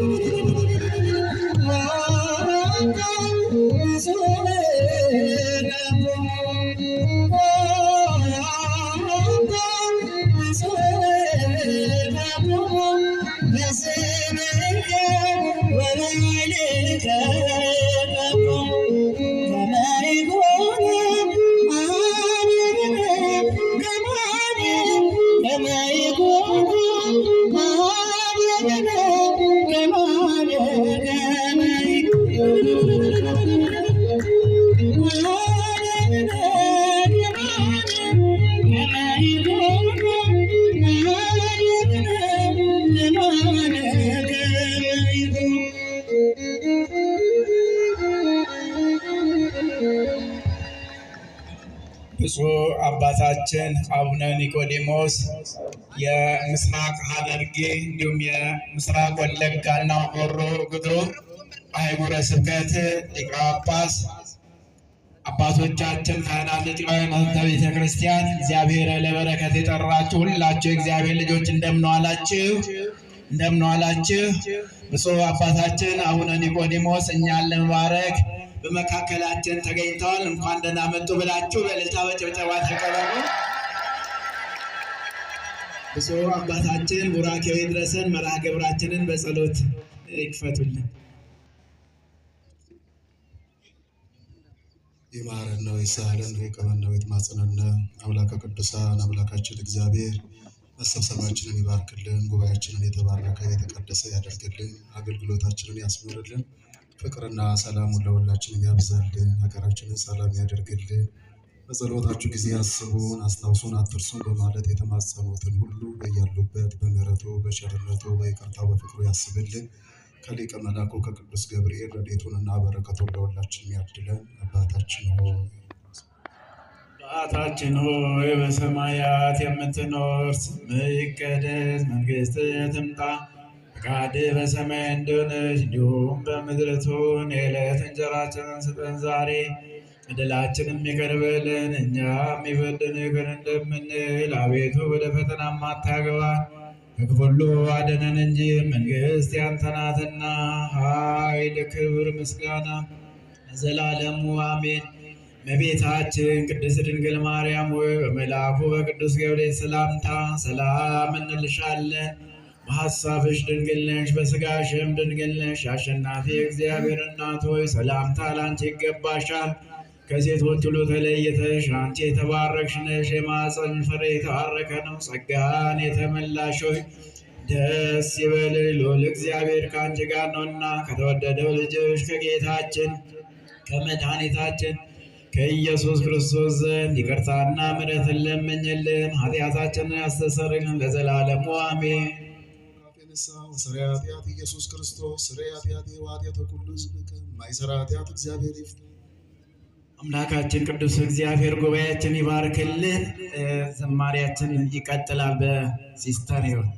Oh, አባታችን አቡነ ኒቆዲሞስ የምስራቅ ሐረርጌ እንዲሁም የምስራቅ ወለጋና ሆሮ ጉድሮ አህጉረ ስብከት ሊቀ ጳጳስ አባቶቻችን ካህናት፣ ሊቃነ ቤተ ክርስቲያን እግዚአብሔር ለበረከት የጠራችሁ ሁላችሁ የእግዚአብሔር ልጆች እንደምነዋላችሁ እንደምንዋላችሁ ብፁዕ አባታችን አቡነ ኒቆዲሞስ እኛን ለመባረክ በመካከላችን ተገኝተዋል። እንኳን ደህና መጡ ብላችሁ በልታ በጭብጨባ ተቀበሉ። ብዙ አባታችን ቡራኬው ይድረሰን። መርሃ ግብራችንን በጸሎት ይክፈቱልን። ይማረን ነው ይሳለን ነው ይቀበል ነው ይማጽነን አምላከ ቅዱሳን አምላካችን እግዚአብሔር መሰብሰባችንን ይባርክልን፣ ጉባኤያችንን የተባረከ የተቀደሰ ያደርግልን፣ አገልግሎታችንን ያስምርልን። ፍቅርና ሰላሙን ለሁላችንም ያብዛልን፣ ሀገራችንን ሰላም ያደርግልን። በጸሎታችሁ ጊዜ አስቡን፣ አስታውሱን፣ አትርሱን በማለት የተማጸኑትን ሁሉ በያሉበት በምሕረቱ በቸርነቱ በይቅርታው በፍቅሩ ያስብልን። ከሊቀ መላኩ ከቅዱስ ገብርኤል ረድኤቱንና በረከቱን ለሁላችን ያድለን። አባታችን ሆይ አባታችን ሆይ በሰማያት የምትኖር ስምህ ይቀደስ፣ መንግስትህ ትምጣ ፈቃድ በሰማይ እንደሆነች እንዲሁም በምድር ትሁን። የዕለት እንጀራችንን ስጠን ዛሬ፣ በደላችንም ይቅር በለን እኛም የበደሉንን ይቅር እንደምንል። አቤቱ ወደ ፈተና አታግባን ከክፉሉ አድነን እንጂ መንግሥት ያንተ ናትና፣ ኃይል፣ ክብር፣ ምስጋና ለዘላለሙ አሜን። እመቤታችን ቅድስት ድንግል ማርያም ሆይ በመልአኩ በቅዱስ ገብርኤል ሰላምታ ሰላም እንልሻለን በሐሳብሽ ድንግል ነሽ፣ በሥጋሽም ድንግል ነሽ። አሸናፊ እግዚአብሔር እናት ሆይ ሰላምታ ላንቺ ይገባሻል። ከሴቶች ሁሉ ተለይተሽ አንቺ የተባረክሽ ነሽ። የማፀን ፍሬ የተባረከ ነው። ጸጋን የተመላሽ ሆይ ደስ ይበልሽ፣ ልዑል እግዚአብሔር ከአንቺ ጋር ነውና ከተወደደው ልጅሽ ከጌታችን ከመድኃኒታችን ከኢየሱስ ክርስቶስ ዘንድ ይቅርታና ምሕረትን ለምኝልን ኃጢአታችንን ያስተሰርልን ለዘላለሙ አሜን። የተነሳው ስሬ ኃጢአት ኢየሱስ ክርስቶስ ስሬ ኃጢአት የኃጢአት ኃጢአት እግዚአብሔር ይፍታ። አምላካችን ቅዱስ እግዚአብሔር ጉባኤያችን ይባርክልን። ዘማሪያችን ይቀጥላል። በሲስተር ይሁን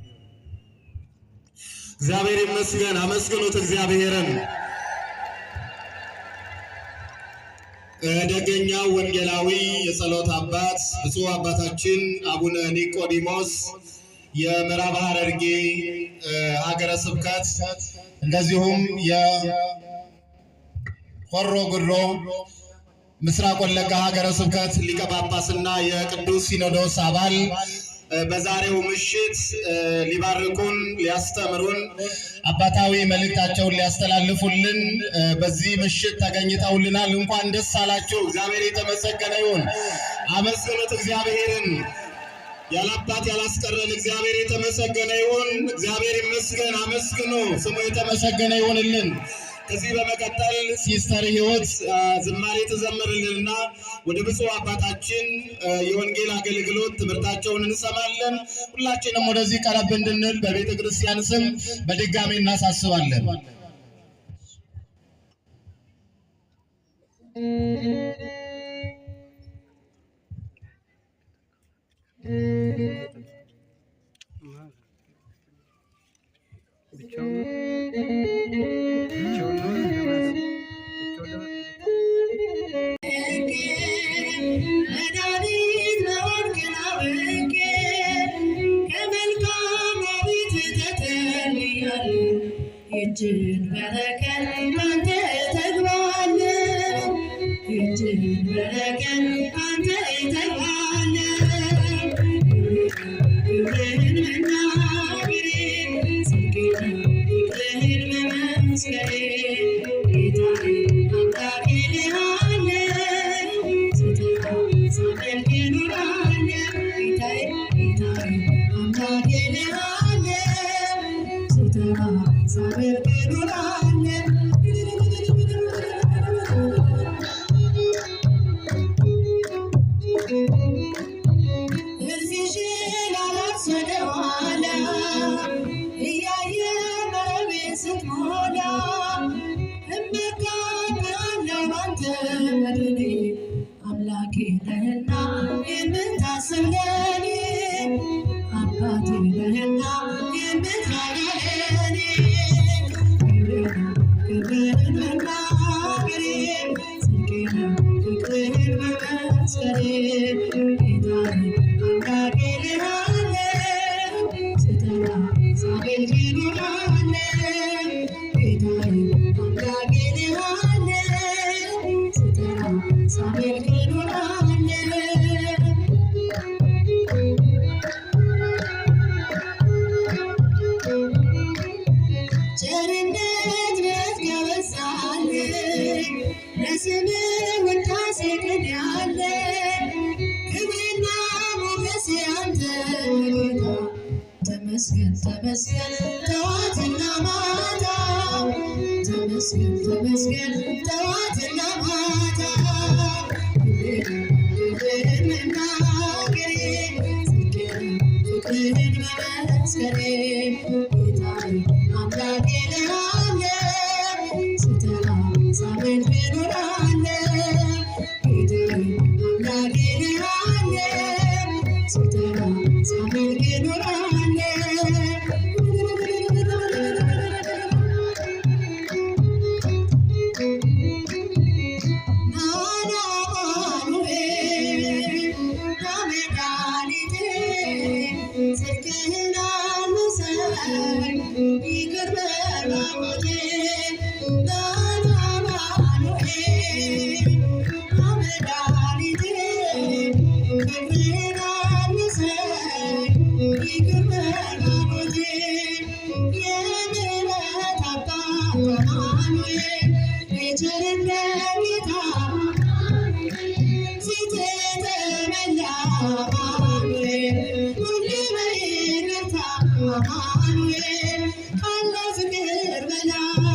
እግዚአብሔር ይመስገን። አመስግኑት እግዚአብሔርን። ደገኛው ወንጌላዊ የጸሎት አባት ብፁዕ አባታችን አቡነ ኒቆዲሞስ የምዕራብ ሐረርጌ ሀገረ ስብከት እንደዚሁም የሆሮ ጉድሮ ምስራቅ ወለጋ ሀገረ ስብከት ሊቀ ጳጳስና የቅዱስ ሲኖዶስ አባል በዛሬው ምሽት ሊባርኩን ሊያስተምሩን አባታዊ መልእክታቸውን ሊያስተላልፉልን በዚህ ምሽት ተገኝተውልናል። እንኳን ደስ አላችሁ እግዚአብሔር የተመሰገነ ይሁን። አመስግኑት እግዚአብሔርን። ያላባት ያላስቀረን እግዚአብሔር የተመሰገነ ይሁን። እግዚአብሔር ይመስገን፣ አመስግኑ፣ ስሙ የተመሰገነ ይሁንልን። ከዚህ በመቀጠል ሲስተር ህይወት ዝማሬ ትዘምርልንና ወደ ብፁዕ አባታችን የወንጌል አገልግሎት ትምህርታቸውን እንሰማለን። ሁላችንም ወደዚህ ቀረብ እንድንል በቤተ ክርስቲያን ስም በድጋሚ እናሳስባለን። June weather in ተመስገን ጠዋትና ማታ ተመስገን ተመስገን ጠዋትና ማታ ፍቅርን መመስከሬ ጌታዬ አምላኬ Yeah.